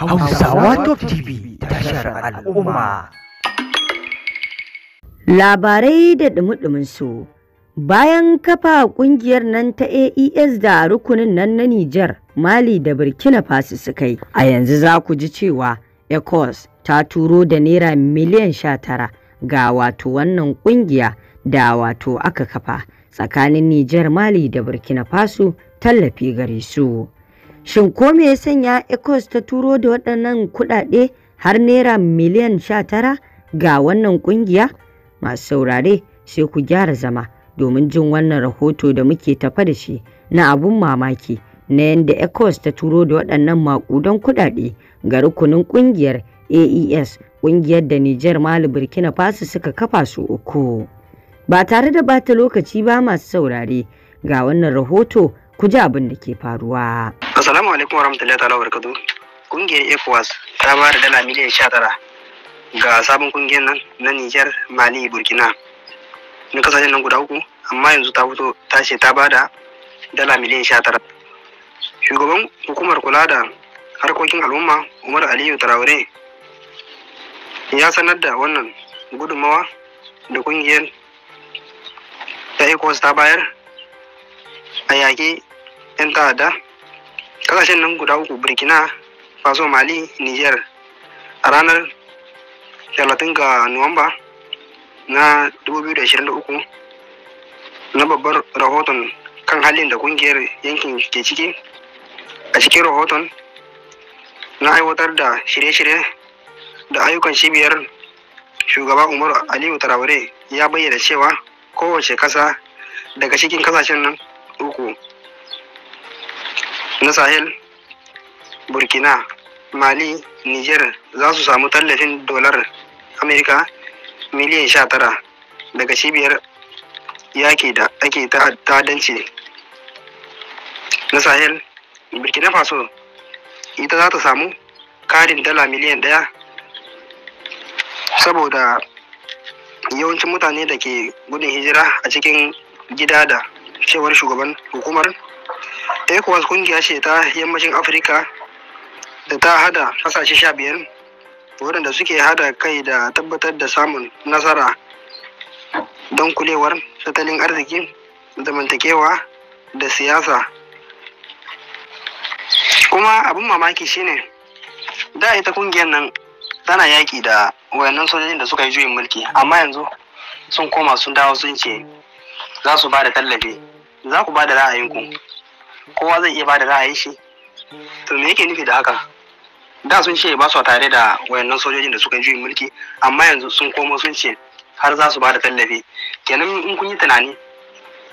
Hausawa Top TV tashar al'umma. Labarai da dumi su bayan kafa ƙungiyar nan ta AES da rukunin nan na Nijar, Mali da Burkina Faso su kai, A yanzu za ku ji cewa ECOWAS ta turo da naira miliyan sha tara ga wato wannan kungiya da wato aka kafa tsakanin Nijar, Mali da Burkina Faso tallafi gare su. Shin ko me ya sanya Ecos ta turo da waɗannan kuɗaɗe har naira miliyan sha tara ga wannan ƙungiya? Masu saurare sai ku gyara zama domin jin wannan rahoto da muke tafa da shi na abun mamaki na yadda Ecos ta turo da waɗannan maƙudan kuɗaɗe ga rukunin ƙungiyar AES ƙungiyar da Nijar Mali Burkina Faso suka kafa su uku. Ba tare da bata lokaci ba masu saurare ga wannan rahoto ku ji abin da ke faruwa. Assalamu alaikum warahmatullahi ta'ala wabarakatuh. Kungiyar ECOWAS ta ba da dala miliyan sha tara ga sabon kungiyar nan na Nijar, Mali, Burkina. Na kasashen nan guda uku, amma yanzu ta fito ta ce ta ba da dala miliyan sha tara. Shugaban hukumar kula da harkokin al'umma Umar Aliyu Traore ya sanar da wannan gudunmawa da kungiyar ta ECOWAS ta bayar a yaƙi 'yan ta'adda kasashen nan guda uku burkina faso mali niger a ranar 30 ga nuwamba na 2023 na babbar rahoton kan halin da kungiyar yankin ke ciki a cikin rahoton na aiwatar da shirye-shirye da ayyukan cibiyar shugaba umaru aliyu traore ya bayyana cewa kowace kasa daga cikin kasashen nan uku na sahel burkina mali niger za su samu tallafin dolar amerika miliyan sha tara daga cibiyar yaƙi da ake ta'addanci na sahel burkina faso ita za ta samu karin dala miliyan ɗaya saboda yawancin mutane da ke gudun hijira a cikin gida da cewar shugaban hukumar ecowas kungiya ce ta yammacin afirka da ta hada kasashe sha biyar waɗanda suke hada kai da tabbatar da samun nasara don kulewar tattalin arziki zamantakewa da siyasa kuma abin mamaki shine da ita kungiyar nan tana yaƙi da wayannan sojojin da suka yi juyin mulki amma yanzu sun koma sun dawo sun ce za su ba da tallafi za ku ba da ra'ayinku kowa zai iya bada ra'ayin shi to me yake nufi da haka da sun ce ba su tare da wayannan sojojin da suka yi juyin mulki amma yanzu sun komo sun ce har za su ba da tallafi kenan in kun yi tunani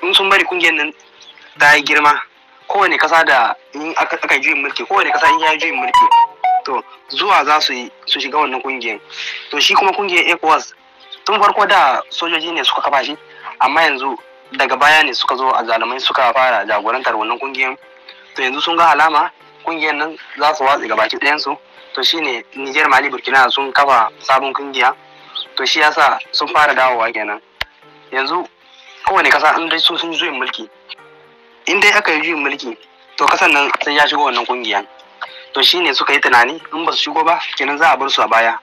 in sun bari kungiyar nan ta yi girma kowane kasa da in aka yi juyin mulki kowane kasa in ya yi juyin mulki to zuwa za su yi su shiga wannan kungiyar to shi kuma kungiyar ecowas tun farko da sojoji ne suka kafa shi amma yanzu daga baya ne suka zo a zalimai suka fara jagorantar wannan kungiyar to yanzu sun ga alama kungiyar nan za su watsi gabaki ɗayansu to shine Niger Mali Burkina sun kafa sabon kungiya to shi yasa sun fara dawowa kenan yanzu kowane kasa an dai sun juyin mulki in dai aka yi juyin mulki to kasan nan sai ya shigo wannan kungiyan to shine suka yi tunani in ba su shigo ba kenan za a bar su a baya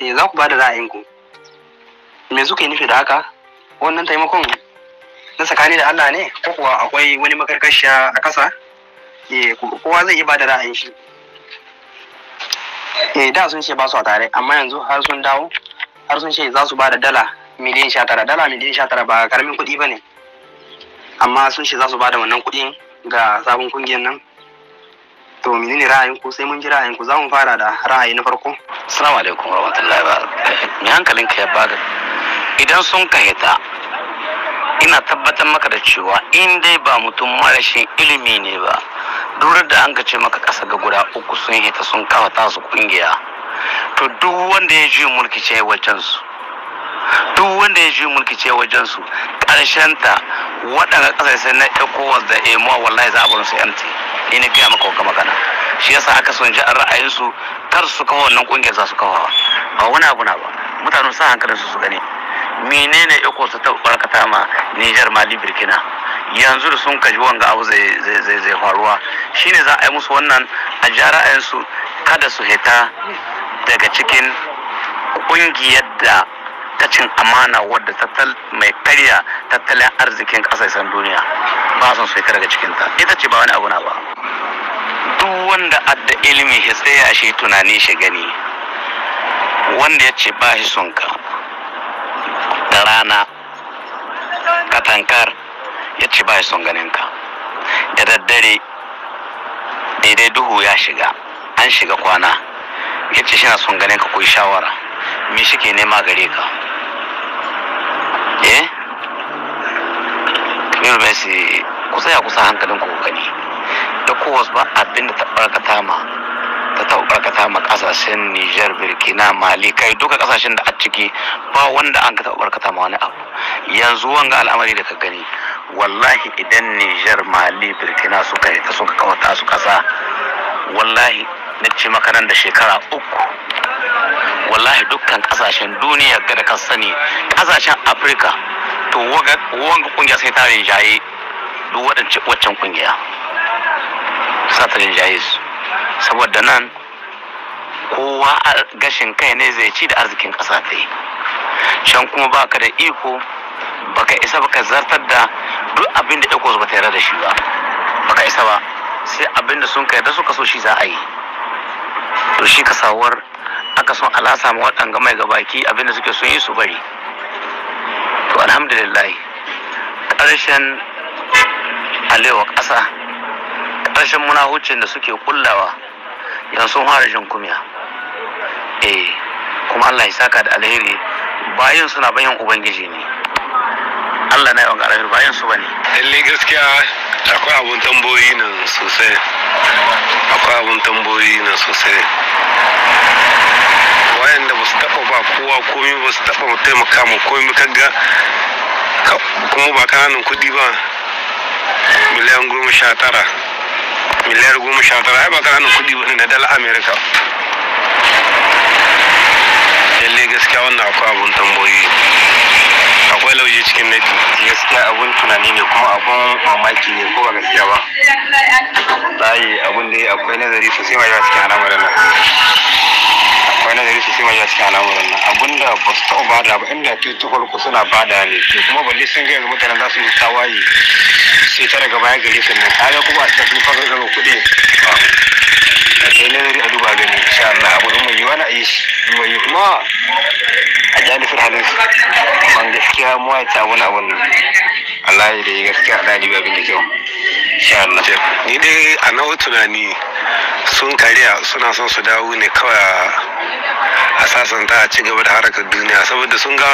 eh za ku ba da ra'ayinku me suka yi nufi da haka wannan taimakon na tsakani da Allah ne ko kuwa akwai wani makarkashiya a ƙasa eh, kowa zai yi ba da ra'ayin shi eh da sun ce ba su a tare amma yanzu har sun dawo har sun ce za su ba da dala miliyan sha tara dala miliyan sha tara ba karamin kuɗi ba ne amma sun ce za su ba da wannan kuɗin ga sabon kungiyar nan to menene ra'ayin ku sai mun ji ra'ayin ku za mu fara da ra'ayi na farko assalamu alaikum warahmatullahi wabarakatuh me hankalin ka ya bada idan sun ka hita ina tabbatar maka da cewa in dai ba mutum marashin ilimi ne ba duk da an ce maka ƙasa ga guda uku sun hita sun kawata tasu kungiya to duk wanda ya ji mulki ce wajen su duk wanda ya ji mulki ce wajen su ƙarshen ta waɗanda sai na ecowas da emo wallahi za a bar su yanti ni ne gaya maka wanka magana shi yasa aka son ji ra'ayinsu kar su kawo wannan kungiyar za su kawo ba wani abu na ba mutanen sa hankalinsu su gani menene iko su ta barkata ma Niger Mali Burkina yanzu da sun kaji wanga abu zai zai zai faruwa shine za a yi musu wannan a jara'ayin su kada su hita daga cikin kungiyar da ta cin amana wadda tattal mai karya tattalin arzikin kasashen duniya ba su su hita daga cikinta ita ce ba wani abu na ba duk wanda adda ilimi ya tsaya shi tunani shi gani wanda ya ce ba shi son da rana katankar ya ci ba son ganin ka da daddare daidai duhu ya shiga an shiga kwana ya ce shina son ganin ka kuyi shawara me shi ke nema gare ka eh kamar kusa ya kusa hankalin ku gani da kowas ba abin da ta ma ta barkata ma ƙasashen Nijar, Burkina, Mali kai duka ƙasashen da a ciki ba wanda an ka barkata ma wani abu. Yanzu wanga al'amari da ka gani wallahi idan Nijar, Mali, Burkina suka yi ta suka kawata su ƙasa wallahi na ci makanan da shekara uku wallahi dukkan ƙasashen duniya ga da kan sani ƙasashen Afirka to wanga kungiya sai ta rinjaye duk waɗancan kungiya. Sa ta rinjaye su. saboda nan kowa gashin kai ne zai ci da arzikin ƙasa ta yi can kuma ba ka da iko ba ka isa ba ka zartar da duk abin da iko ba ta da shi ba ba ka isa ba sai abin da sun kai da suka so shi za a yi to shi ka sawar aka son ala samu waɗanga mai gabaki abin da suke son yi su bari to alhamdulillah ƙarshen alewa ƙasa ƙarshen munahucin da suke kullawa don sun fara jin kumya eh kuma Allah ya saka da alheri bayan suna bayan ubangiji ne Allah na wanga alheri bayan su bane lalle gaskiya akwai abun tamboyi nan sosai akwai abun tamboyi nan sosai wayanda ba su taba ba kowa komai ba su taba taimaka mu komi kaga kuma ba kananan kuɗi ba miliyan goma sha tara miliyar goma sha tara ai ba ƙananan kuɗi ba na dala amerika lalle gaskiya wannan akwai abun tamboyi akwai lauje cikin nadi gaskiya abun tunani ne kuma abun mamaki ne ko ba gaskiya ba tsayi abun da akwai nazari sosai ma yawa cikin al'amuran nan wani da nazari su sima cikin al'amuran nan abinda ba su taɓa bada ba inda ta ta farko suna bada ne to kuma balle sun ga yanzu mutane za su yi tawaye sai ta daga baya gari sannan kaga kuma a cikin farko gaba kuɗi a kai ne a duba gani insha Allah abu in yi wani na yi shi mai kuma a jami'ar halin su ban gaskiya mu ya ta wani abun Allah ya yi gaskiya a ɗalibi babin da kyau insha Allah ni dai a nawa tunani sun kariya suna son su dawo ne kawai a sasanta a ci gaba da harakar duniya saboda sun ga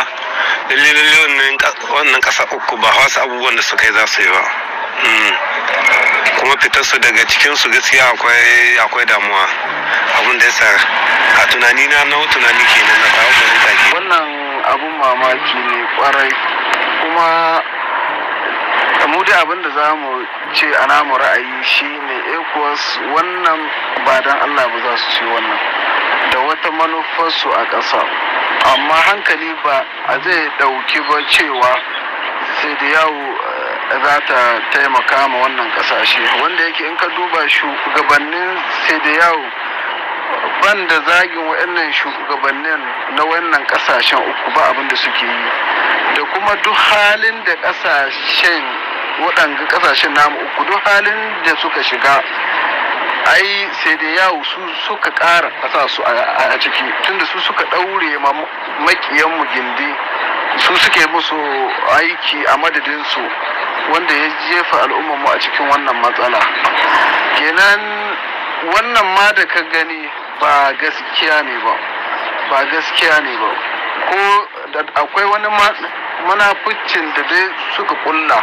lalle lalle wannan kasa uku ba wasu abubuwan da suka yi za su yi ba hmm. kuma fitarsu daga cikinsu gaskiya akwai damuwa abin da ya sa a tunani na na tunani ke nan, na kawo fahimta ke wannan abun mamaki ne kwarai kuma mu dai abin da za mu ce a namu ra'ayi ne ecos eh wannan ba don allah ba za su ce wannan da wata manufarsu a ƙasa amma hankali ba a zai ɗauki ba cewa sai da yawo eh, za ta taimaka ma wannan ƙasashe wanda yake in ka duba shugabannin sai da yawo ban da zagin wa'annan shugabannin na wannan ƙasashen uku ba abin da suke yi da kuma duk halin da ƙasashen waɗanga ƙasashen namu uku duk halin da suka shiga ai sai dai yawo su suka ƙara a su a ciki tunda su suka ɗaure ma makiyanmu gindi su suke musu aiki a madadinsu wanda ya jefa mu a cikin wannan matsala kenan wannan ma da ka gani ba gaskiya ne ba ba gaskiya ne ba ko akwai wani manafucin da dai suka kulla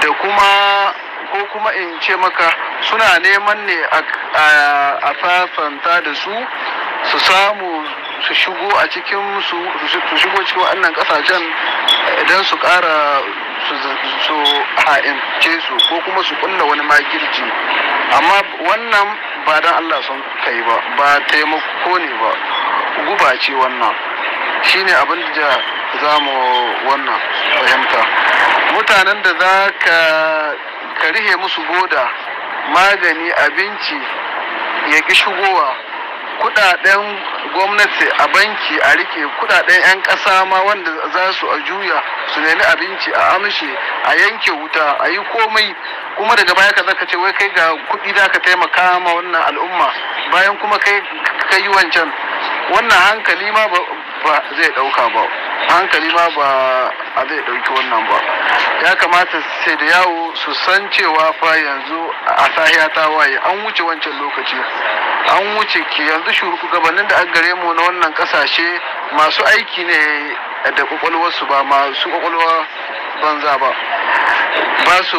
da kuma ko kuma in ce maka suna neman ne a fafanta da su su samu su shigo a cikin su ƙasashen shigo cikin wannan kasashen idan eh, su kara su ha'ince su ko kuma su kunna wani makirci amma wannan ba don Allah sun kai ba ba taimako ne ba guba ce wannan shine abin da za mu wannan fahimta mutanen da za ka ka rihe musu goda magani abinci ya ƙi shigowa kudaden gwamnati a banki a rike kudaden 'yan ƙasa ma wanda za su a juya su nemi abinci a amshe a yanke wuta a yi komai kuma daga baya ka zaka ce wai kai ga kuɗi da ka taimaka ma wannan al'umma bayan kuma kai ka yi wancan wannan hankali ma ba zai ɗauka ba hankali ma ba a zai ɗauki wannan ba ya kamata sai da yawo su san cewa fa yanzu a sahiya ta waye an wuce wancan lokaci an wuce ke yanzu gabanin da an gare mu na wannan kasashe masu aiki ne da kwakwalwarsu ba masu kwakwalwa banza ba ba su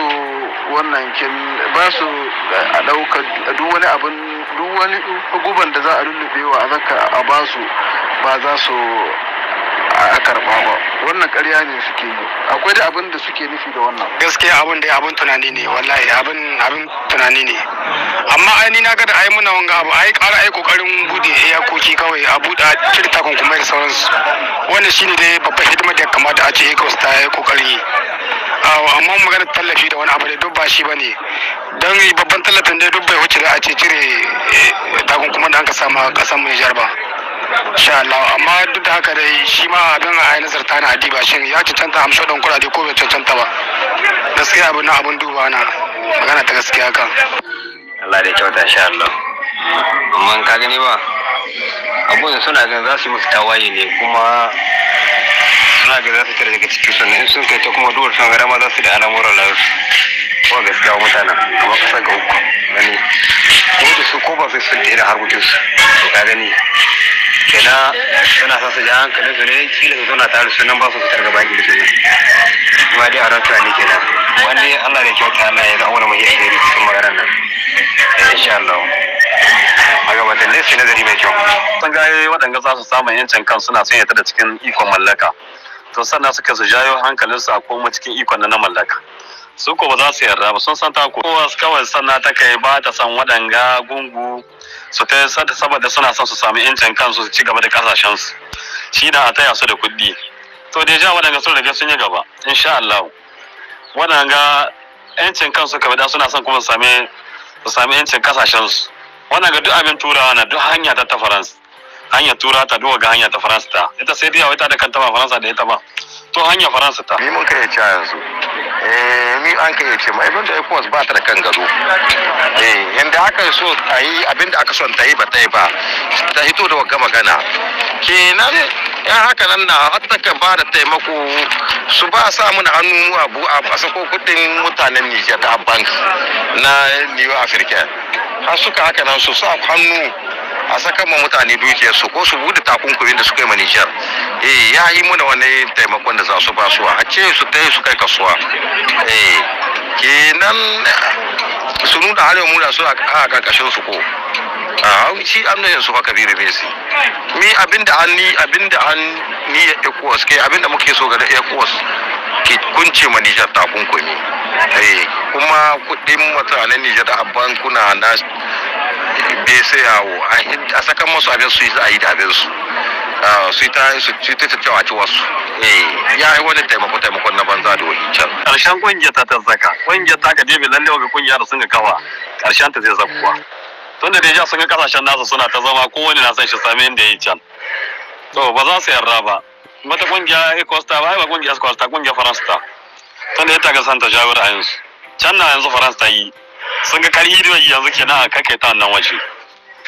wannan kin ba su a ɗauka duk wani abin duk wani guban da za a lullube wa a zaka a basu ba za su a karɓa ba wannan ƙarya ne suke yi akwai da abin da suke nufi da wannan gaskiya abin da abin tunani ne wallahi abin abin tunani ne amma ai ni na ga da ai muna wanga abu ai ƙara ai kokarin bude iyakoki kawai a buɗa cire takunkumai da sauransu wannan shine dai babbar hidima da kamata a ce ecos ta yi kokarin yi amma maganar tallafi da wani abu da dubba shi bane don babban tallafin da dubba ya wuce da a ce cire eh, takunkuma da an ka samu ƙasar mu Nijar ba insha Allah amma duk da haka dai shi ma abin a yi nazarta na adiba shin ya cancanta amsho don kurade ko bai cancanta ba gaskiya abin na abin duba na magana ta gaskiya kan Allah da kyauta insha Allah amma ka gani ba abun suna ganin za su musu tawaye ne kuma suna gani za su tare daga cikin sannan in sun kai ta kuma duwar sun gara ma za su da al'amuran lafiya ko gaskiya wa mutanen amma kasar ga uku gani ko da su ko ba su sun da harkokinsu to ka gani kenan suna son su hankalin su ne kila su zauna tare su nan ba su fitar gaba ki su ne kuma dai a ran tunani kenan wani Allah da kyauta Allah ya zama mu yayi da cikin maganar nan eh, insha Allah magabatan ne su nazari mai kyau sun ga waɗanda za su samu yancin kan suna son yata da cikin ikon mallaka to sannan suka su jayo su a koma cikin ikon na mallaka su ko ba za su yarda ba sun san ta kowa kawai sannan ta kai ba ta san waɗanga gungu su ta saboda suna son su sami yancin kansu su ci gaba da kasashensu shi na a taya su da kuɗi to da ja waɗanda sun riga sun yi gaba insha Allah waɗanda yancin kansu kamar da suna son kuma su sami yancin kasashensu wannan ga duk abin turawa na duk hanya ta ta faransa hanya tura ta duwa ga hanya ta faransa ta ita sai dai wata da kanta ba faransa da ita ba to hanyar faransa ta ni mun kai ca yanzu eh ni an kai ce mai da ecowas ba ta da kan gado eh yanda aka so ta yi abinda aka son ta yi ba ta yi ba ta hito da wagga magana kenan ya haka nan na hatta ka ba da taimako su ba sa mana hannu a abu a sako kudin mutanen Nijar da bank na New Africa har suka haka nan su sa hannu a sakan ma mutane su ko su bude takunkumin da suka yi ma eh ya yi muna wani taimakon da za su ba su a ce su ta su kai kasuwa eh kenan su nuna halin muna su a karkashin su ko a shi an nan su haka biri besi mi abinda an ni abinda an ni ya ekuwas ke abinda muke so ga da ekuwas ke kunce manijar takunkumi eh kuma kudin mutanen Nijar a bankuna na bai sai yawo a sakan masu abin su yi a yi da abin su ah, su ta su ta cewa ci wasu eh, ya yi wani taimako taimakon na banza da wani can karshen kungiyar ta ta zaka kungiyar ta ka debe lalle ga kungiyar sun ga kawa karshen ta zai zakuwa tun da deja sun ga kasashen nasa suna ta zama kowane na san shi same inda ya can to ba za su yarda ba mata kungiyar ecosta ba ba kungiyar ecosta kungiya faransta tun da ya ta ga santa jawo ra'ayinsu can na yanzu faransa ta yi sun ga karhi da yanzu kenan a kakai ta wannan waje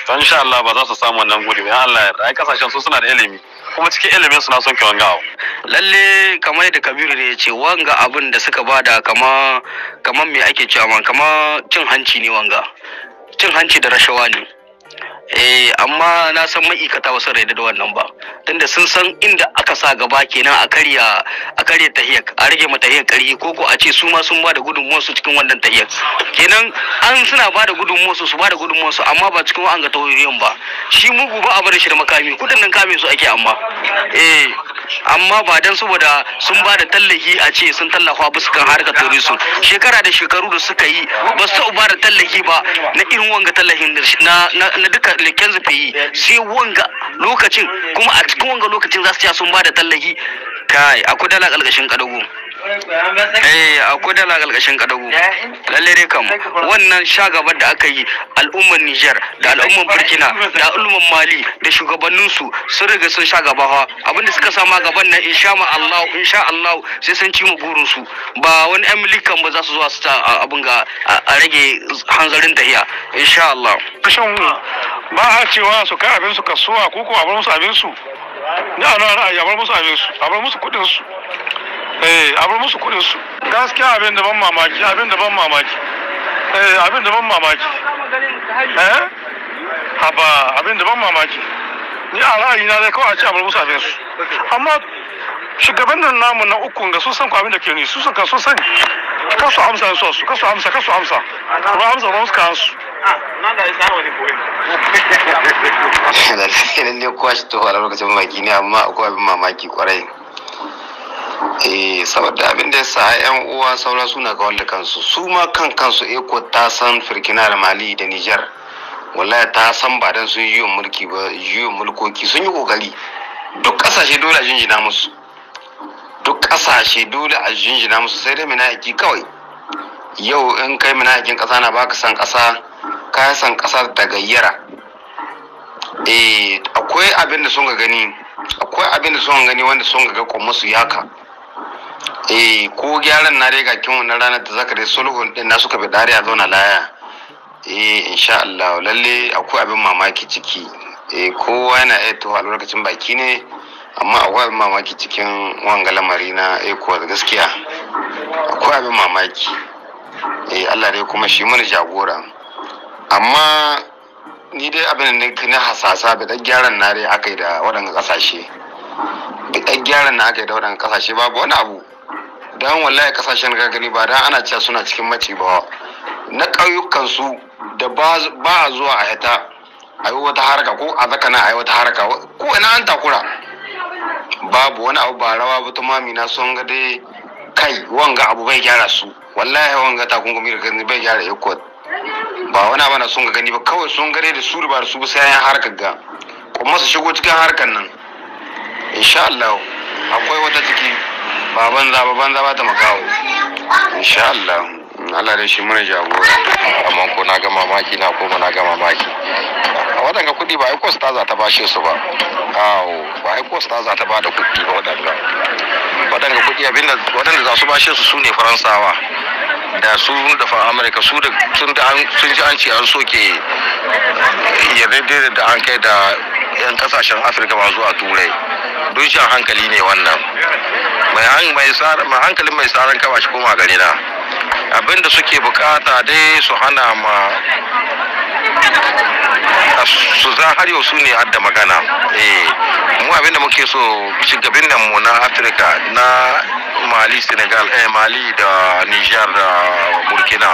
to insha Allah ba za su samu wannan gudu ya Allah ya rai kasashen su suna da ilimi kuma cikin ilimin su na son kiwon gawo lalle kamar yadda Kabiru ne ya ce wanga abin da suka bada kama kamar me ake cewa kama cin hanci ne wanga cin hanci da rashawa ne eh amma na san ma'aikata ba su raida da wannan ba tunda sun san inda aka sa gaba kenan a karya a karya tahiyar a rage ma tahiyar karfi ko ko a ce su ma sun ba da gudunmuwar su cikin wannan tahiyar kenan an suna ba da gudunmuwar su su ba da gudunmuwar su amma ba cikin wa'anga tahiyoyin tahoyoyin ba shi mugu ba a bar shi da makami kudin nan kame su ake amma eh amma ba dan saboda sun ba da tallafi a ce sun tallafa ba su kan harkar su, shekara da shekaru da suka yi ba su ba da tallafi ba na irin wanga tallafin na na duka leken zufe yi sai wanga lokacin kuma a cikin wanga lokacin za su ce sun ba da tallafi kai akwai dala ƙalƙashin ƙadago eh akwai dala galgashin kadagu lalle ne kam wannan shagabar da aka yi al'ummar Niger da al'ummar Burkina da al'ummar Mali da shugabannin su sun riga sun sha gaba ha abinda suka sama gaban nan insha Allah insha Allah sai sun ci mu burin su ba wani milikan ba za su zuwa su ta abin ga a rage hanzarin tahiya insha Allah kashin ba a cewa su ka abin su kasuwa ko ko abin su abin su na na na ya bar musu abin su a musu kudin su eh abar musu kuɗin su gaskiya abin da ban mamaki abin da ban mamaki eh abin da ban mamaki eh haba abin da ban mamaki ni a ra'ayina dai kawai a ce abar musu abin su amma shugaban nan namu na ukun ga sun san abin da ke ni su suka sun sani kasu amsa su su kasu amsa kasu amsa ba amsa ba su ka hansu lalle kuwa shi tohuwa lokacin mamaki ne amma akwai abin mamaki kwarai eh saboda abin da yasa yan uwa saura suna ga wanda kansu su ma kan kansu eko ta san firkina da mali da niger wallahi ta san ba dan sun yi mulki ba yi mulkoki sun yi kokari duk kasashe dole a jinjina musu duk kasashe dole a jinjina musu sai dai mina'iki kawai yau in kai mina'ikin kasa na baka san kasa ka san kasa da gayyara eh akwai abin da sun ga gani akwai abin da sun gani wanda sun ga ga su yaka eh ko gyaran na dai gakin wannan ranar da zaka dai sulhun din na suka bi dare a zauna laya eh insha Allah lalle akwai abin mamaki ciki eh kowa yana iya to lokacin baki ne amma akwai abin mamaki cikin wanga lamari na eh ko gaskiya akwai abin mamaki eh Allah dai kuma shi mun jagora amma ni dai abin da na hasasa da gyaran na dai aka yi da waɗannan ƙasashe da gyaran na akai da waɗannan ƙasashe babu wani abu don wallahi kasashen gani ba don ana cewa suna cikin maci ba na ƙauyukansu da ba a zuwa a hita a yi wata haraka ko a zaka na a yi wata haraka ko ina an takura babu wani abu ba rawa ba tumami na sun ga dai kai wanga abu bai gyara su wallahi wanga takungumi da gani bai gyara ikot ba wani abu na sun ga gani ba kawai sun gare da su ba da su sai yan harkar ga kuma su shigo cikin harkar nan insha Allah akwai wata ciki ba banza ba banza ba ta makawo insha Allah Allah da shi mana jagora amma ko na ga mamaki na ko na ga mamaki a waɗanga kuɗi ba ai sta za ta bashe su ba awo ba ai sta za ta ba da ba waɗanga wadanga kuɗi abinda wadanda za su bashe su sune faransawa da su da fa amurka su da sun da sun ji an ce an soke ya daidai da an kai da yan kasashen afirka ba zuwa turai don shan hankali ne wannan mai hankalin mai tsaron kaba shi koma gari na abinda suke bukata dai su hana ma su za har yau su ne adda magana eh, mu abinda muke so shigabin nan mu na afirka na mali senegal eh mali da niger da burkina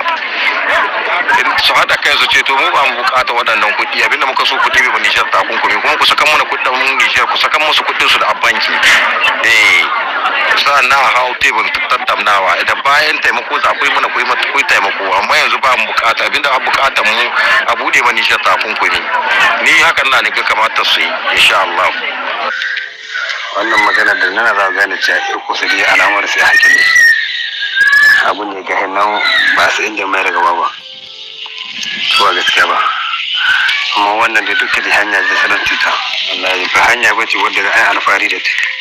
su hada kai su ce to mu ba mu bukata waɗannan kuɗi abinda muka so kuɗi ba niger ta kun kuma ku saka mana kuɗin niger ku sakan musu kuɗin su da abanki eh sa na hau tebur tattaunawa da bayan taimako zaɓi ku mana ku mata ku yi taimako amma yanzu ba mu bukata abinda a bukatan mu a bude ma Nijar takunkumi ni hakan na ne ga kamata su yi insha Allah wannan magana da nan za gane cewa ya kusa da alamar sai ne abun ne ga nan ba su inda mai daga ba ba gaskiya ba amma wannan da duka da hanya da salon cuta wallahi ba hanya bace wanda za a yi alfahari da ta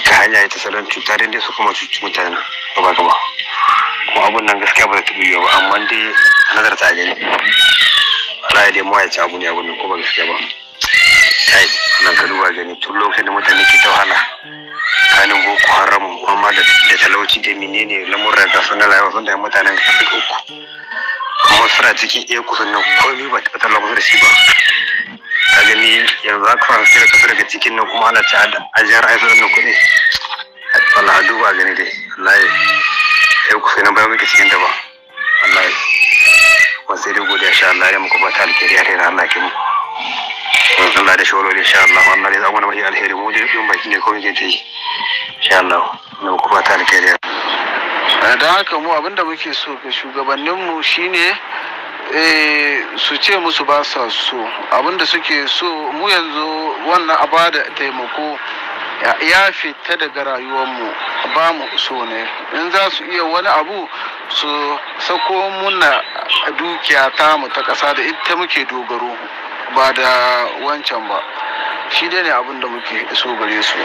ta hanya ta salon cuta dai su kuma cuci mutane gaba gaba kuma abun nan gaskiya ba ta biyo ba amma dai nazar ta gani ala dai mu ya ci abu ne abun nan ko ba gaskiya ba kai nan ka duba gani tun lokacin da mutane ke ta wahala kanin boko haramu amma da talauci da menene lamurran ka sun lalawa sun da mutanen ka uku kuma sura cikin iya kusan nan komai ba ta talauci shi ba ka gani yanzu aka fara sai da kasu daga cikin nan kuma ana ci ajiyar aifin wannan kuɗi wallahi a duba gani dai ya sai ku sai na bayan muke cikin ba wallahi kuma sai dai godiya sha Allah ya muku ba ta alheri ya da Allah ke muku Allah da shawarwari sha Allah wannan zai zama mai alheri mu je yin baki ne ko muke ta yi sha Allah na muku ba ta alheri eh, don haka mu abinda muke so ga shugabanninmu shine Eh, su ce musu ba sa so abinda suke so mu yanzu wannan a bada taimako ya fita daga rayuwarmu ba mu so ne in za su iya wani abu su sako muna dukiya ta mu ta ƙasa da ita muke dogaro ba da wancan ba shi dai ne abin da muke so gare su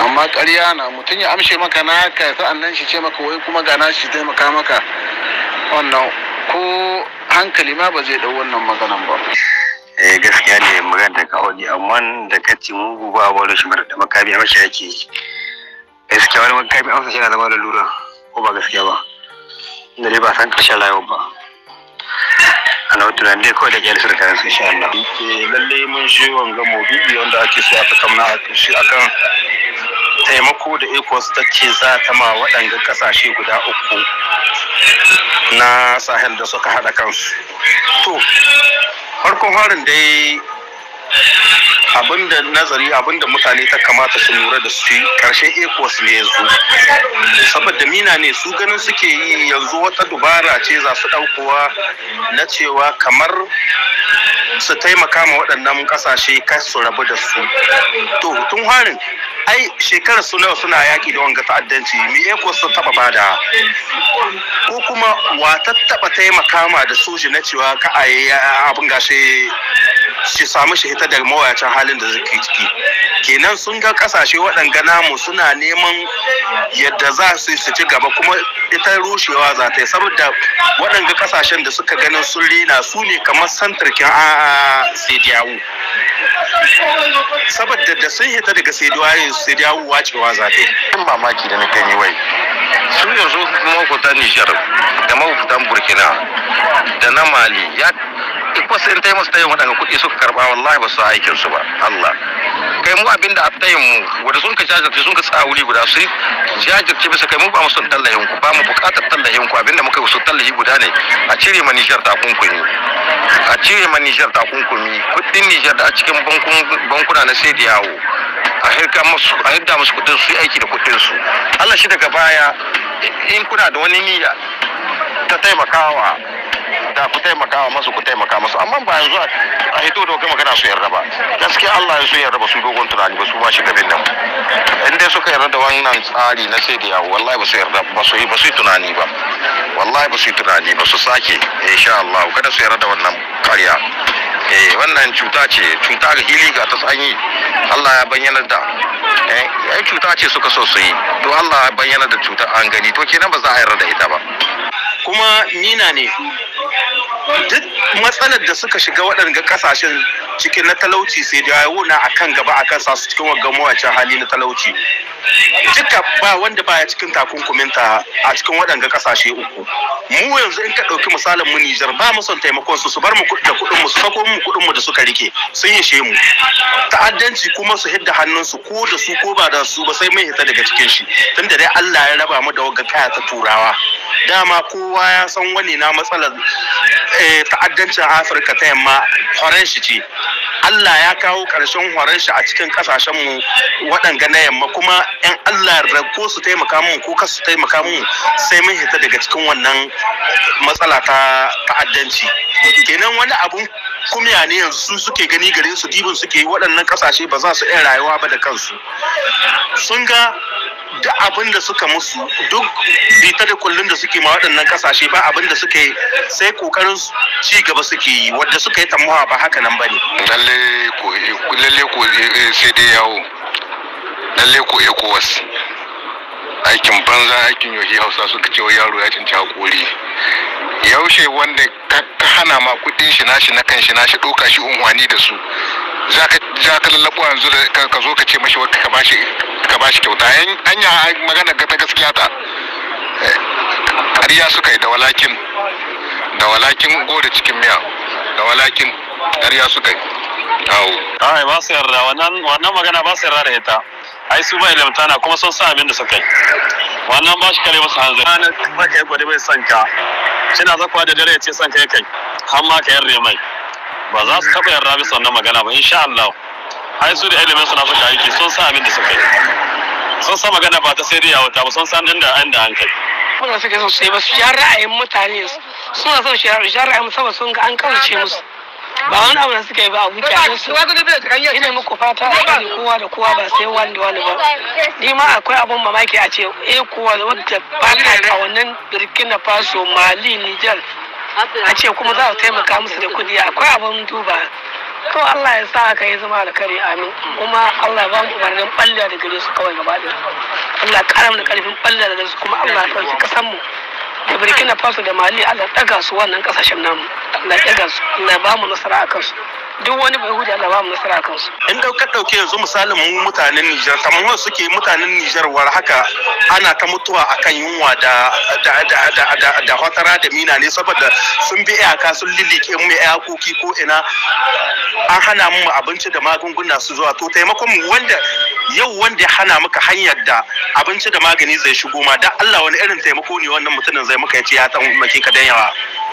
amma ƙarya na mutum ya amshe maka naka sa'an nan shi ce maka wai kuma gana shi taimaka maka wannan ko hankali ma ba zai ɗau wannan maganan ba eh gaskiya ne magana da kawai amma da kace mugu ba wani shi da makami a ake yi. gaskiya wani makami a shi yana zama da lura ko ba gaskiya ba inda dai ba san karshen rayuwar ba ana wata nan dai kawai da kyar da yansu insha Allah Lallai mun shi wanga maudu'i wanda ake shi a tattauna a kan taimako da ecos ta ce za ta ma waɗanda ƙasashe guda uku na sahel da suka haɗa kansu to farkon harin dai abinda nazari abinda mutane ta kamata su lura da su karshe ecos ne yanzu saboda mina ne su ganin suke yi yanzu wata dubara ce za su ɗaukowa na cewa kamar su taimaka ma waɗannan ƙasashe kai su rabu da su to tun harin ai shekarar su nawa suna yaƙi da wanga ta'addanci me eko su taba bada ko kuma wa ta taba taimaka ma da soji na cewa ka a abin gashi shi samu shi hita daga mawayacin halin da zuke ciki kenan sun ga kasashe waɗanga namu suna neman yadda za su su ci gaba kuma ita rushewa za ta yi saboda waɗanga kasashen da suka ganin sun rina su ne kamar santarkin a ah, ah, sediyawu saboda da sun hita daga sediyawu su sai dai wacewa za ta Yan mamaki da na gani wai. Su yanzu makwata Nijar da makwatan Burkina da na Mali ya su kuma sun taimu su taimu waɗanda kuɗi suka karɓa wallahi ba su aikin su ba Allah kai mu abin da tayin mu wanda sun ka jajirce sun ka tsaya wuri guda su jajirce bisa kai mu ba mu son tallahin ku ba mu buƙatar tallahin ku abin da muka yi su tallahi guda ne a cire ma Nijar takunkumi a cire ma Nijar takunkumi kuɗin Nijar da a cikin bankuna na sai da yawo a hirka musu a hirka musu kuɗin su yi aiki da kuɗin su Allah shi daga baya in kuna da wani niyya ta taimakawa da ku taimaka masu ku taimaka masu amma ba yanzu a hito da kana su yarda ba gaskiya Allah ya so yarda ba su dogon tunani ba su ba shi gabin nan in dai suka yarda da wannan tsari na sai da yawo wallahi ba su yarda ba su yi ba su yi tunani ba wallahi ba su yi tunani ba su sake insha Allah kada su yarda da wannan kariya. eh wannan cuta ce cuta ga hili ga ta tsanyi Allah ya bayyana da eh cuta ce suka so su yi to Allah ya bayyana da cuta an gani to kenan ba za a yarda da ita ba kuma nina ne duk matsalar da suka shiga waɗanda kasashen cikin na talauci sai da a kan gaba a kan sasu cikin wagga mawacin hali na talauci duka ba wanda baya cikin takunkuminta a cikin waɗanga kasashe uku mu yanzu in ka ɗauki misalin mu Nijar ba mu son taimakon su su bar mu da kuɗin mu su sako mu kuɗin mu da suka rike sun yishe mu ta'addanci kuma su hidda hannun su ko da su ko ba da su ba sai mai hita daga cikin shi tunda dai Allah ya raba mu da wagga kaya ta turawa dama kowa ya san wani na matsalar eh, ta'addancin Afirka ta yamma horon shi ce Allah ya kawo ƙarshen horon shi a cikin ƙasashenmu waɗanga na yamma kuma ‘yan Allah ya ko su taimaka mun ko kasu taimaka mun sai mun hita daga cikin wannan matsala ta ta'addanci kenan wani abun kumya ne yanzu suke gani gare su dibin suke yi waɗannan ƙasashe ba za su iya rayuwa ba da kansu sun ga duk abin da suka musu duk bita da kullum da suke ma waɗannan kasashe ba abin da suka yi sai kokarin ci gaba suke yi wadda suka yi tamuwa ba haka nan ne. lalle ko eh, sai dai yawo lalle ko ecowas aikin banza aikin yohi hausa suka ce yaro ya cinci hakuri yaushe wanda ka hana ma kudin shi nashi na kan shi nashi ɗauka shi unwani da su za ka lallabo yanzu da ka zo ka ce mashi wata ka bashi kyauta hanya magana ta gaskiya ta ƙarya suka yi da walakin da walakin cikin miya da walakin ƙarya suka yi awo ai ba su yarda wannan magana ba su yarda da ita ai su ba ilimta na kuma sun sa abin da suka yi wannan ba shi kare masu hanzari ba ka yi gwada mai son ka shi na zakwa da dare ya ce son ka yi kai har ma ka yarda mai ba za su taɓa yarda bisa wannan magana ba insha Allah ai su da ilimin suna suka aiki sun san abin da suka yi sun san magana ba ta sai dai yawata ba sun san inda inda an kai suke son su yi ba su ja ra'ayin mutane suna son su ja ra'ayin saboda sun ga an kaurace musu ba wani abu da suka yi ba a wuce su ina muku fata a kan kowa da kowa ba sai wani wani ba ni ma akwai abun mamaki a ce eh kowa wata ba ta a wannan na faso mali nijar a ce kuma za a taimaka musu da kudi akwai abin duba to Allah ya sa ka yi zama da kare amin kuma Allah ba mu umarnin balla da gare su kawai gaba da Allah kara mu da karfin balla da su kuma Allah ya sa kasan mu da Burkina Faso da Mali Allah daga su wannan kasashen namu Allah ya daga Allah ba mu nasara a su duk wani buhu da mu nasara kansu. In daukar dauke yanzu misalin mu mutanen Nijar kamar suke mutanen Nijar war haka ana ta mutuwa akan yunwa da da da da da da hotara da mina ne saboda sun bi iyaka sun lillike mu kuki ko ina an hana mu abinci da magunguna su zuwa to taimakon mu wanda yau wanda ya hana maka hanyar da abinci da magani zai shigo ma da Allah wani irin taimako ne wannan mutumin zai maka ya ce ya tsammake ka danyawa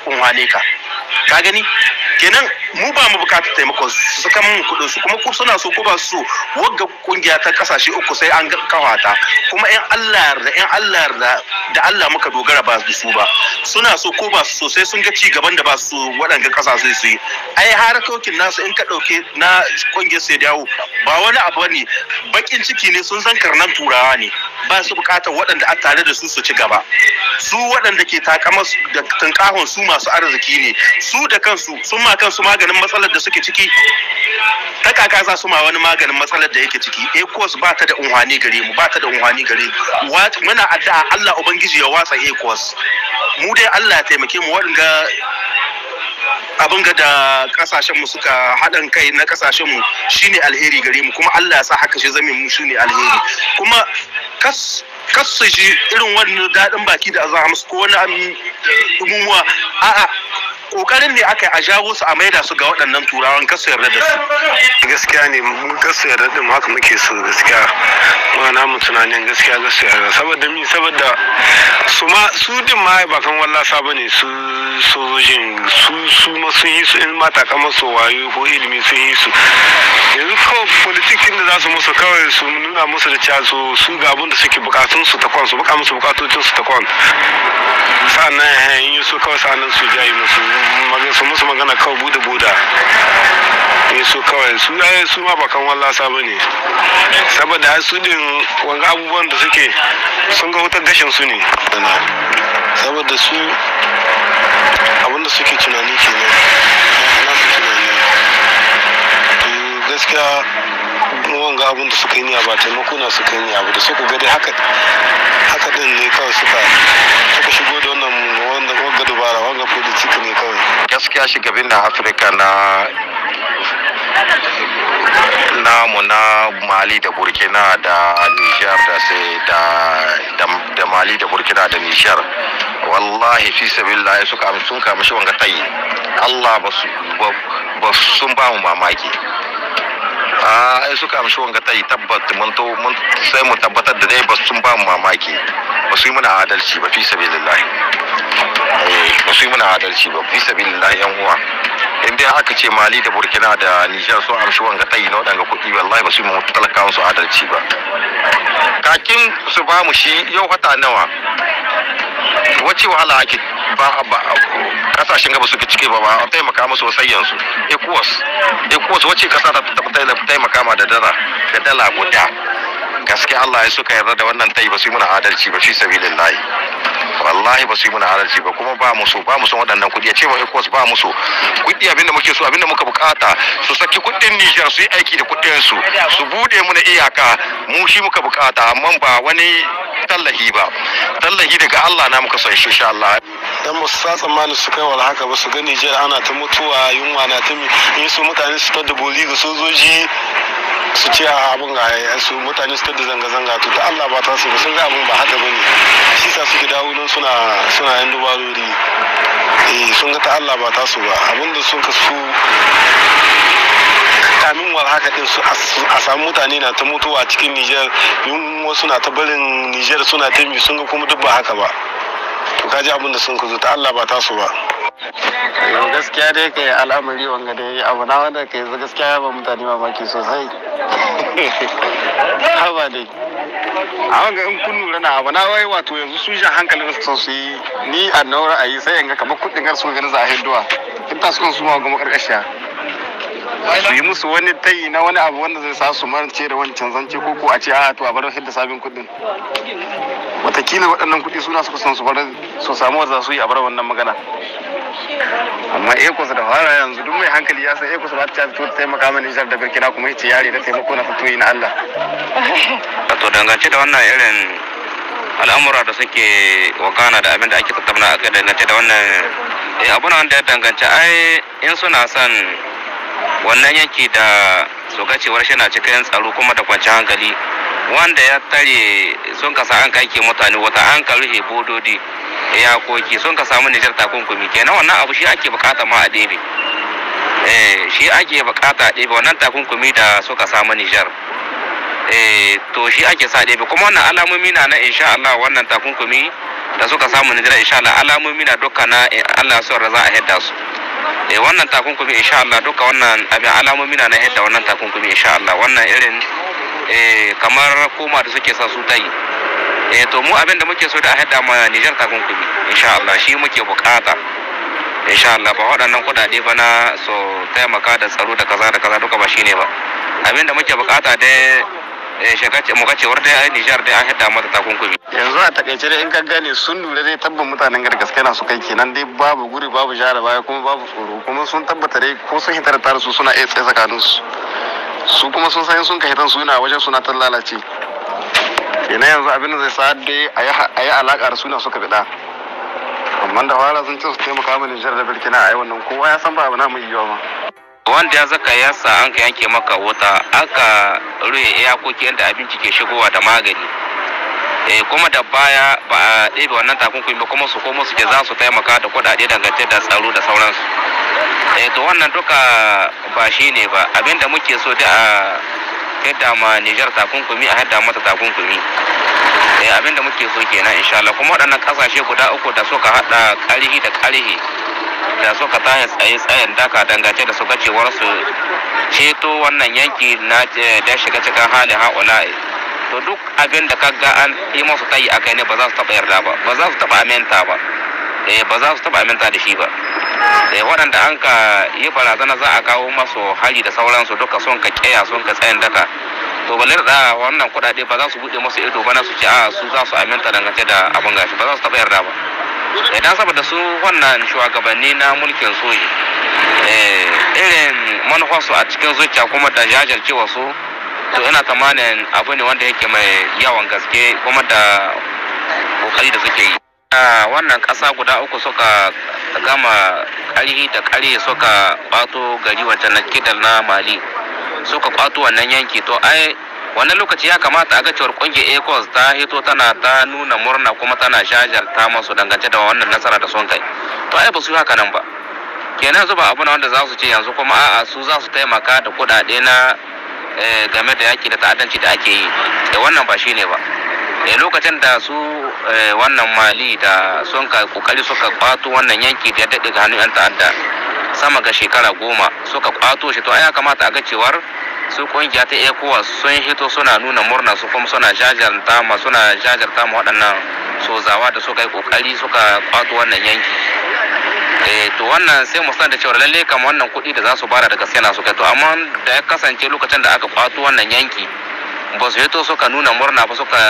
yawa kun ka. ka gani kenan mu ba mu bukatar taimakon su saka mun kuɗin su kuma ko suna so ko ba su wagga kungiya ta kasashe uku sai an kawata kuma 'yan Allah yarda in Allah yarda da Allah muka dogara ba su ba suna so ko ba su sosai sun ga ci gaban da ba su waɗanda kasashe su yi ai harakokin nasu in ka ɗauki na kungiyar sai dawo ba wani abu ne bakin ciki ne sun san karnan turawa ne ba su bukatar waɗanda a tare da su su ci gaba su waɗanda ke takamar da tunkahon su masu arziki ne su da kansu sun ma kansu maganin matsalar da suke ciki ta kaka za su ma wani maganin matsalar da yake ciki ecos eh, ba ta da unhani gare mu ba ta da unhani gare mu. muna addu'a Allah ubangiji ya watsa ecos eh, mu dai Allah ya taimake mu wadanga abin ga da kasashen mu suka haɗin kai na kasashen mu shine alheri gare mu kuma Allah ya sa haka shi zamin mu shine alheri kuma kas kas su ji irin wannan daɗin baki da azan musu ko wani umumuwa a'a kokarin ne aka yi a jawo su a maida su ga waɗannan turawan kasu yarda da su gaskiya ne mun kasu yarda din haka muke so gaskiya na mu tunanin gaskiya kasu yarda saboda mi saboda su ma su din ma ba kan sa bane su sojojin su su ma sun yi su in ma takama su wayo ko ilimi sun yi su yanzu kawai politikin da za su musu kawai su nuna musu da cewa su su ga abin da suke bukatun su ta kwan su buka musu bukatun su ta kwan sa'annan yayin eh, su kawai sa'annan su jayi musu su musu magana kawai buda buda ne eh, su kawai su ai su ma bakan wallasa ba ne saboda su din wanga abubuwan da suke sun ga wutar gashin su ne saboda su abinda suke tunani kenan na su tunani eh, gaskiya wanga abin da suka yi niyya ba taimako na suka yi niyya ba da suka gadi haka haka din ne kawai suka suka shigo da wannan wanda wanga dubara wanga politika ne kawai gaskiya shugabin na afirka na namu na mali da burkina da nishiyar da sai da, mali da burkina da nijar wallahi fi sabilillahi suka sun kama wanga tayi allah ba sun ba mu mamaki in suka amshi wanga ta yi tabbat mun to mun sai mu tabbatar da dai ba sun ba mu mamaki ba su yi muna adalci ba fi sabilillahi eh, ba su yi muna adalci ba fi sabilillahi yan uwa in dai aka ce mali da burkina da nijar sun amshi wanga ta yi na waɗanga kuɗi wallahi ba su yi mu talakawan su adalci ba kakin su ba mu shi yau hata nawa wace wahala ake ba ba kasashen gaba suke cike ba ba a taimaka musu sosai yanzu Ekuwas ecowas wacce kasa ta taimaka ma da dala da dala guda gaske Allah ya suka yarda da wannan tai ba su yi muna adalci ba fi sabilillahi wallahi ba su yi muna adalci ba kuma ba mu so ba mu waɗannan kuɗi a cewa ekuwas ba mu so kuɗi abinda muke so abinda muka bukata su saki kuɗin Niger su yi aiki da kuɗin su su bude muna iyaka mu shi muka bukata amma ba wani tallahi ba tallahi daga Allah na muka son shi insha Allah dan ba su sa tsammanin su kai wala haka ba su ga Nijar ana ta mutuwa yunwa na ta yi su mutane su ta da ga sojoji su ce a abin ga su mutane su da zanga-zanga to ta Allah ba ta su sun ga abin ba haka ne shi sa suke dawo nan suna suna yan dubarori eh sun ga ta Allah ba ta su ba abinda sun ka su kamin war haka din su a samu mutane na ta mutuwa cikin Niger yun wasu na ta barin Niger suna ta mi sun ga kuma duk ba haka ba to ji abin da sun kuzu ta Allah ba tasu ba gaskiya dai kai al'amari wanga yi abu na wanda kai gaskiya ya ba mutane mamaki sosai haba dai a wanga in kun lura na abu na wai wato yanzu su shan hankalin su su yi ni a naura a yi sai yanga kamar kudin garsu su ganin za a hinduwa in ta su kan su ma ga makarkashiya su yi musu wani tayi na wani abu wanda zai sa su marance da wancan zance ko ko a ce a to a bar hidda sabin kuɗin watakila waɗannan kuɗi suna suka san su bar su samu wanda za su yi a bar wannan magana amma ecos da fara yanzu duk mai hankali ya san Ekos ba ta fito ta taimaka mana nijar da birkina kuma ya ce yare da taimako na fito na allah to dangance da wannan irin al'amura da suke wakana da abin da ake tattauna a kai ce da wannan eh, abuna wanda ya danganci ai in suna son wannan yanki da tsokacewar shi na cikin tsaro kuma da kwanci hankali wanda ya tare sun kasa an ke mutane wata an ka rufe bododi koki sun ka samu nijar takunkumi kenan wannan abu shi ake bukata ma a ɗebe eh, shi ake bukata a ɗebe wannan takunkumi da suka samu nijar eh, to shi ake sa ɗebe kuma wannan alamomi na na insha Allah wannan takunkumi da suka samu nijar insha Allah alamomi na dukkan na eh, Allah sun raza a hidda su Eh, wannan takunkumi insha Allah duka wannan abin alamomi na yadda wannan takunkumi insha Allah wannan irin eh, kamar koma da suke sa su ta yi eh to mu abin da muke so da a hada ma Niger takunkumi insha Allah shi muke bukata insha Allah ba waɗannan kuɗaɗe ba na so taimaka da tsaro da kaza da kaza duka ba shine ba abin da muke bukata dai Eh, ya dai Nijar dai an hada mata takunkumi. Yanzu a takaice dai in ka gane sun lura dai tabbar mutanen gar na su kai kenan dai babu guri babu jara baya kuma babu tsoro kuma sun tabbata dai ko sun hitar da su suna iya tsaye tsakanin su. Su kuma sun san sun kai hitan su yana wajen suna ta lalace. Kenan yanzu abin da zai sa dai a yi alaka da suna suka bida. Amma da fara sun ce su taimaka ma Nijar da Burkina a yi wannan kowa ya san ba abu na mai yiwa ba. wanda ya zaka yasa an ka yanke maka wuta aka ya iyakoki inda abinci ke shigowa da magani eh, kuma da baya ba a ɗebe wannan takunkumi ba kuma su komo ke za su taimaka da kuɗaɗe dangance da tsaro da sauransu eh, to wannan duka ba shi ne ba abinda muke so da a yadda ma Nijar takunkumi a yadda mata takunkumi eh, abinda muke so kenan insha Allah kuma waɗannan ƙasashe guda uku da suka haɗa ƙarihi da ƙarihi da suka taya tsaye tsayen daka dangace da suka gacewar su ceto wannan yanki na eh, da shiga cikin halin haula to duk abin da kaga an yi musu tayi a kai ne ba za su taba yarda ba ba za su taba aminta ba eh ba za su taba aminta da shi ba eh waɗanda an ka yi barazana za a kawo masu hali da sauransu duka sun ka kiyaya sun ka tsayin daka to ba da wannan kuɗaɗe ba za su buɗe musu ido ba na su ce a su za su aminta dangance da abin gashi ba za su taba yarda ba idan saboda su wannan shugabanni na mulkin soji eh, irin manufarsu a cikin zuciya kuma da jajirce wasu to ina tamanin abu ne wanda yake mai yawan gaske kuma da kokari da suke yi a wannan kasa guda uku suka gama ƙarhi da ƙarhi suka ƙwato gari wancan na kidal na mali suka ƙwato wannan yanki to ai wannan lokaci ya kamata a ga cewar kungiyar ecos ta hito tana ta nuna murna kuma tana ta masu dangance da wannan nasara da son kai to ai ba su haka nan ba kenan zuba abu na wanda za su ce yanzu kuma a'a su za su taimaka da kuɗaɗe na eh, game da yaki da ta'addanci da ake yi da eh, wannan ba shine ba da eh, lokacin da su wannan mali da sun ka kokari suka kwato wannan yanki da ya daɗe ga hannun 'yan ta'adda sama ga shekara goma suka kwato shi to ai ya kamata a ga su kungiya ta kowa sun hito suna nuna murna su kuma suna jajarta ma suna jajarta ma waɗannan sozawa da suka yi kokari suka kwato wannan yanki eh to wannan sai mu san da cewa lalle kamar wannan kuɗi da za su bara daga sai na su kai to amma da ya kasance lokacin da aka kwato wannan yanki ba su hito suka nuna murna ba suka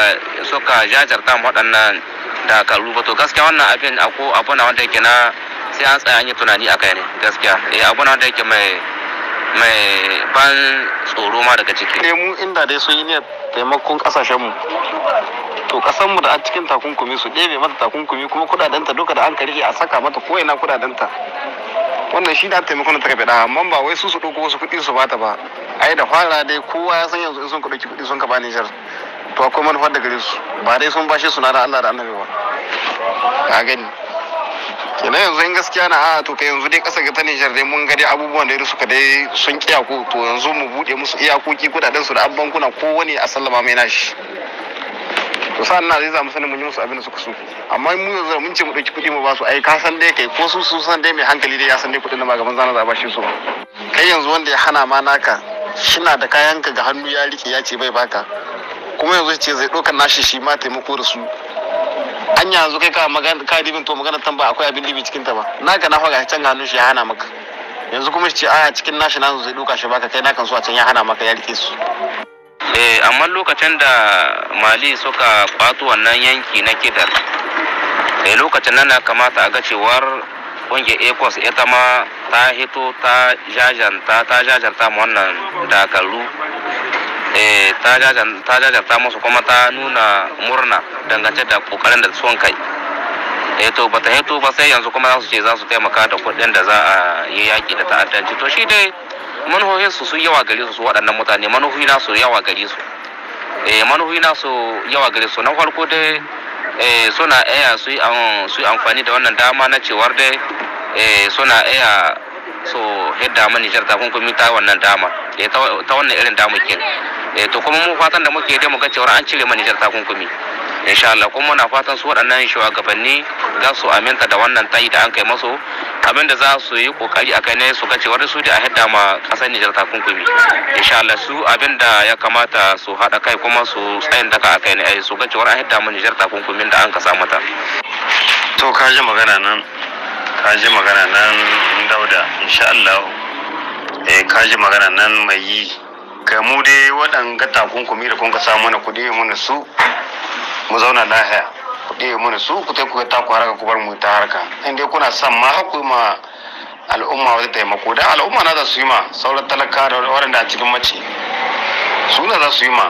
suka jajarta ma waɗannan dakaru ba to gaskiya wannan abin ako abuna wanda yake na sai an tsaya an yi tunani kai ne gaskiya eh abuna wanda yake mai mai ban tsoro ma daga ciki. Eh mu inda dai sun yi niyyar taimakon kasashen mu. To kasan mu da a cikin takunkumi su ɗebe mata takunkumi kuma kudadenta duka da an karye a saka mata ko ina kudadenta. Wannan shi da taimakon da ta kafe da amma ba wai su su ɗauko wasu kuɗi su bata ba. Ai da fara dai kowa ya san yanzu in sun ɗauki kuɗi sun ka ba Nijar. To akwai manufar da gare su ba dai sun bashe su na da Allah da Annabi ba. Ka gani. kenan yanzu in gaskiya na a to kai yanzu dai kasa ga ta Niger dai mun ga dai abubuwan da suka dai sun kiyaku to yanzu mu bude musu iyakoki kudaden su da abbankuna ko wani a sallama mai nashi to sa'an na zai zamu sanin mun yi musu abin da suka so amma mu yanzu mun ce mu dauki kuɗi mu ba su ai ka san dai kai ko su su san dai mai hankali dai ya san dai kudin da magaban zana za a bashi su kai yanzu wanda ya hana ma naka shina da kayanka ga hannu ya rike ya ce bai baka kuma yanzu ce zai ɗaukar nashi shi ma taimako da su an yanzu kai ka magana ka dibin to magana tamba akwai abin dibi cikin ta ba ga na faga can hannun shi ya hana maka yanzu kuma shi ce a cikin nashi zai duka shi baka kai na kan so a can ya hana maka ya rike su eh amma lokacin da mali suka kwato wannan yanki na kidal eh lokacin nan na kamata a ga cewar kungiyar ecos ita ma ta hito ta jajanta ta jajanta wannan dakaru Eh, ta jajanta musu kuma ta nuna murna dangance da kokarin da suwan kai eh ba ta hito ba sai yanzu kuma za su ce za su taimaka da kuɗin da za a yi yaƙi da ta'addanci to shi dai manuhohin su sun yawa gare su su waɗannan mutane manuhi na su yawa gare su eh manuhi na su yawa gare su na farko dai eh suna iya su yi amfani da wannan dama na cewar dai eh suna iya so yadda mu jarta kun kunkumi ta wannan dama eh, ta wannan irin dama eh to kuma mu fatan da muke dai mu ga cewa an cire mu Nijar kun kunkumi insha Allah kuma muna fatan su waɗannan shugabanni za su aminta da wannan tayi da an kai masu abin da za su yi kokari a kai ne su kace wani su da a hidda ma kasar Nijar kunkumi insha Allah su abin da ya kamata su haɗa kai kuma su tsayin daka a kai ne eh, su kace wani a hidda ma Nijar kunkumi da an ka mata to ka ji magana nan ka ji magana nan dauda insha Allah eh ka ji magana nan mai yi Ka mu dai waɗanga takunkumi da kun ka samu na kuɗi mana su mu zauna lahiya kuɗi mana su ku ta ku ta ku haraka ku bar mu ta harka in dai kuna son ma haku ma al'umma wata taimako dan al'umma na za su yi ma sauran talaka da waɗanda a cikin mace su na za su yi ma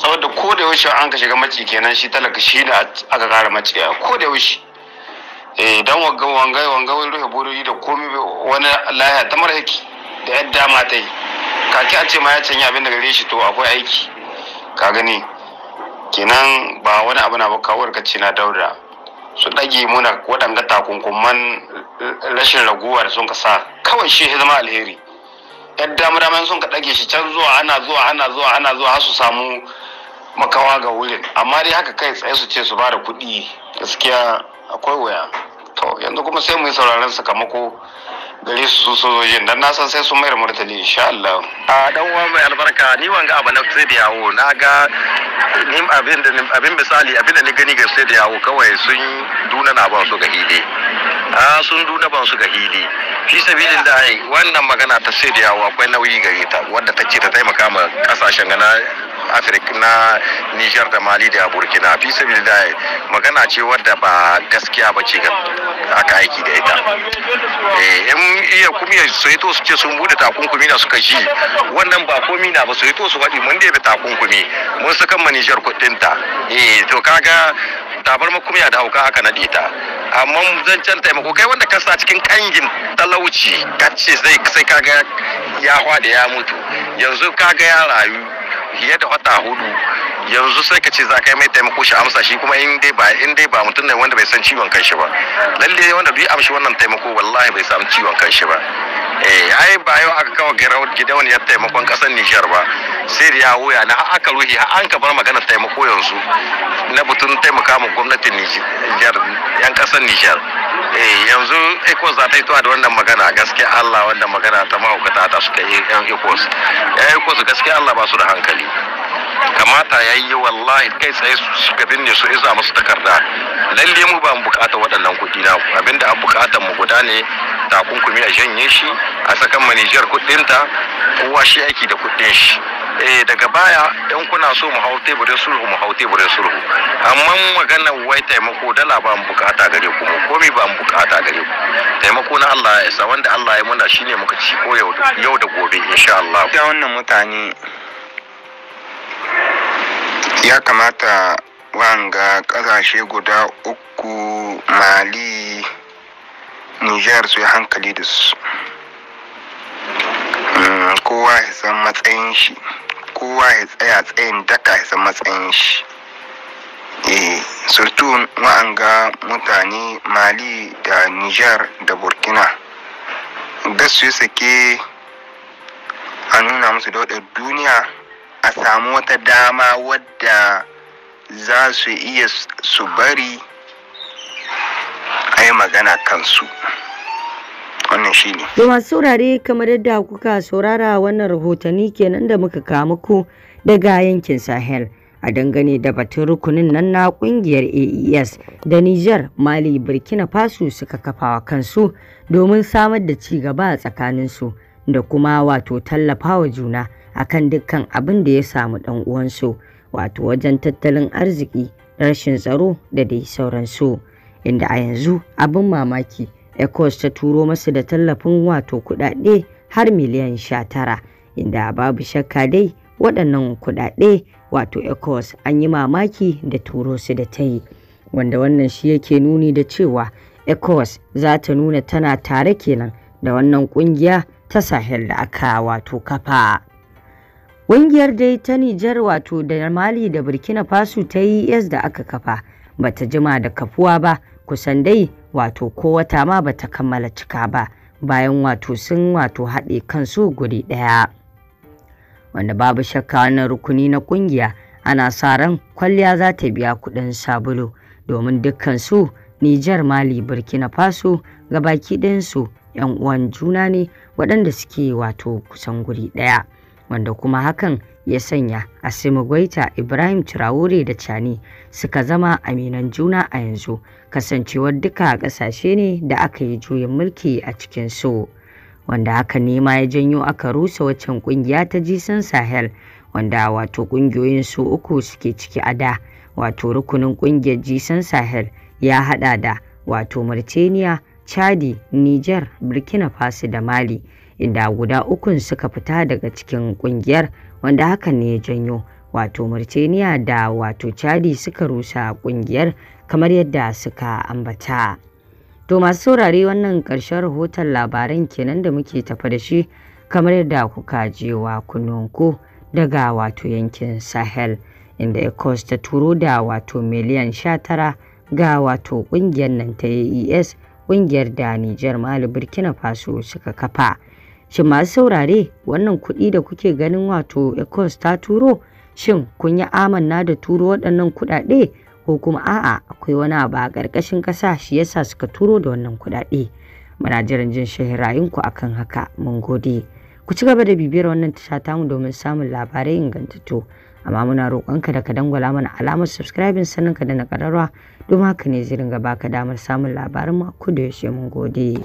saboda ko da yaushe an ka shiga mace kenan shi talaka shi da aka kara mace ko da yaushe eh dan wanga wanga wanga wani rufe burori da komi wani lahiya ta mara yake da yadda dama ta yi kaki a ce ma ya canya abin da gare shi to akwai aiki ka gani kenan ba wani abu na ba kawar ka ce na dauda su ɗage muna waɗanga takunkuman rashin raguwar sun ka sa kawai shi ya zama alheri yan dama dama sun ka ɗage shi can zuwa ana zuwa ana zuwa ana zuwa har su samu makawa ga wurin amma dai haka kai tsaye su ce su ba da kuɗi gaskiya akwai wuya to yanzu kuma sai mu yi sauraron sakamako gare su sojojin dan na san sai sun mayar martani insha Allah a dan uwa mai albarka ni wanga abu na sai da yawo na ga ni abin da abin misali abin da ni gani ga sai da yawo kawai sun duna na ba su ga hili a sun duna ban su ga hili fi sabilin da wannan magana ta sai da yawo akwai nauyi gare ta wadda take ta taimaka ma kasashen gana afirka na Niger da Mali da Burkina fi sabilillah magana ce wadda ba gaskiya ba ce aka aiki da ita eh in iya kuma ya su ce sun bude takunkumi na suka ji wannan ba komi na ba soyito su faɗi mun da takunkumi mun saka ma Niger kuɗin ta eh to kaga tabar makumiya da hauka aka naɗe ta amma zancen taimako kai wanda ka sa cikin kangin talauci kace sai kaga ya da ya mutu yanzu kaga ya rayu fiye da wata hudu yanzu sai ka ce za ka yi mai taimako shi amsa shi kuma in dai ba in dai ba mutum ne wanda bai san ciwon kanshi ba lalle wanda bai amshi wannan taimako wallahi bai samu ciwon kanshi ba eh ai ba yau aka kawo gidauniyar taimakon kasar Nijar ba sai da ya wuya na aka ruhi har an ka bar magana taimako yanzu na butun taimaka mu gwamnatin Nijar yan kasar Nijar eh yanzu ECOWAS za ta yi da wannan magana gaskiya Allah wannan magana ta mahaukata ta suka yi yan ECOWAS eh, ECOWAS gaskiya Allah ba su da hankali kamata ya yi wallahi kai tsaye su binne su iza musu takarda lalle mu ba mu bukata waɗannan kuɗi na abinda an bukata mu guda ne takunkumi a janye shi a sakan manijar kuɗinta kowa shi aiki da kuɗin shi eh daga baya in kuna so mu hau teburin sulhu mu hau teburin sulhu amma maganar wai taimako dala ba mu bukata gare ku mu komi ba mu bukata gare ku taimako na Allah ya isa wanda Allah ya muna shine muka ci ko yau da gobe insha Allah ga wannan mutane ya kamata wanga ƙasashe guda uku mali niger su yi hankali da su mm, kowa ya san matsayin shi kowa ya tsaya tsayin daka ya san matsayin shi eh surtu wa'anga mutane mali da niger da burkina da su sake a nuna musu da duniya a samu wata dama wadda za su iya su bari a yi magana kansu wannan shi ne da masu saurare kamar yadda kuka saurara wannan rahotanni kenan da muka kamu ku daga yankin sahel a dangane da batun rukunin nan na kungiyar aes da niger mali burkina faso suka kafawa kansu domin samar da ci gaba a tsakaninsu da kuma wato tallafa wa juna akan dukkan abin da ya samu dan uwansu wato wajen tattalin arziki rashin tsaro da dai sauransu inda a yanzu abin mamaki ecos ta turo masu da tallafin wato kuɗaɗe har miliyan sha tara inda babu shakka dai waɗannan kuɗaɗe wato ecos an yi mamaki da turo su da ta yi wanda wannan shi yake nuni da cewa ecos za ta nuna tana tare kenan da wannan ƙungiya ta sahel da aka wato kafa. Ƙungiyar dai ta Nijar wato da Mali da Burkina Faso ta yas e da aka kafa bata jima da kafuwa ba kusan dai wato ko wata ma bata kammala cika ba bayan wato sun wato haɗe kansu guri ɗaya. Wanda babu shakka na rukuni na ƙungiya ana sa ran kwalliya za ta biya kuɗin sabulu domin dukkan su Nijar Mali Burkina Faso ga baki ɗayansu 'yan uwan juna ne waɗanda suke wato kusan guri ɗaya. wanda kuma hakan ya sanya a simugwaita Ibrahim Traore da Chani suka zama aminan juna a yanzu kasancewar duka ƙasashe ne da aka yi juyin mulki a cikin so wanda haka nema ya janyo aka rusa waccan kungiya ta jisan Sahel wanda wato kungiyoyin su uku suke ciki a da wato rukunin kungiyar jisan Sahel ya hada da wato Mauritania, Chadi, Niger, Burkina Faso da Mali inda guda ukun suka fita daga cikin kungiyar wanda hakan ne ya janyo wato Mauritania da wato Chadi suka rusa kungiyar kamar yadda suka ambata. To masu saurare wannan ƙarshen rahoton labaran kenan da muke tafa da shi kamar yadda kuka je wa kununku daga wato yankin Sahel inda ya ta turo da wato miliyan 19 ga wato kungiyar nan ta AES kungiyar da Nijar Mali Burkina Faso suka kafa. Shin masu saurare wannan kuɗi da kuke ganin wato Ecos ta turo? Shin kun yi amanna da turo waɗannan kuɗaɗe ko kuma a'a akwai wani abu a ƙarƙashin ƙasa shi yasa suka turo da wannan kuɗaɗe? Muna jiran jin ku akan haka mun gode. Ku ci gaba da bibiyar wannan tasha tamu domin samun labarai ingantattu. Amma muna roƙonka da ka dangwala mana alamar subscribing sannan ka da na ƙararwa don haka ne zirin gaba ka damar samun labarin mu a koda yaushe mun gode.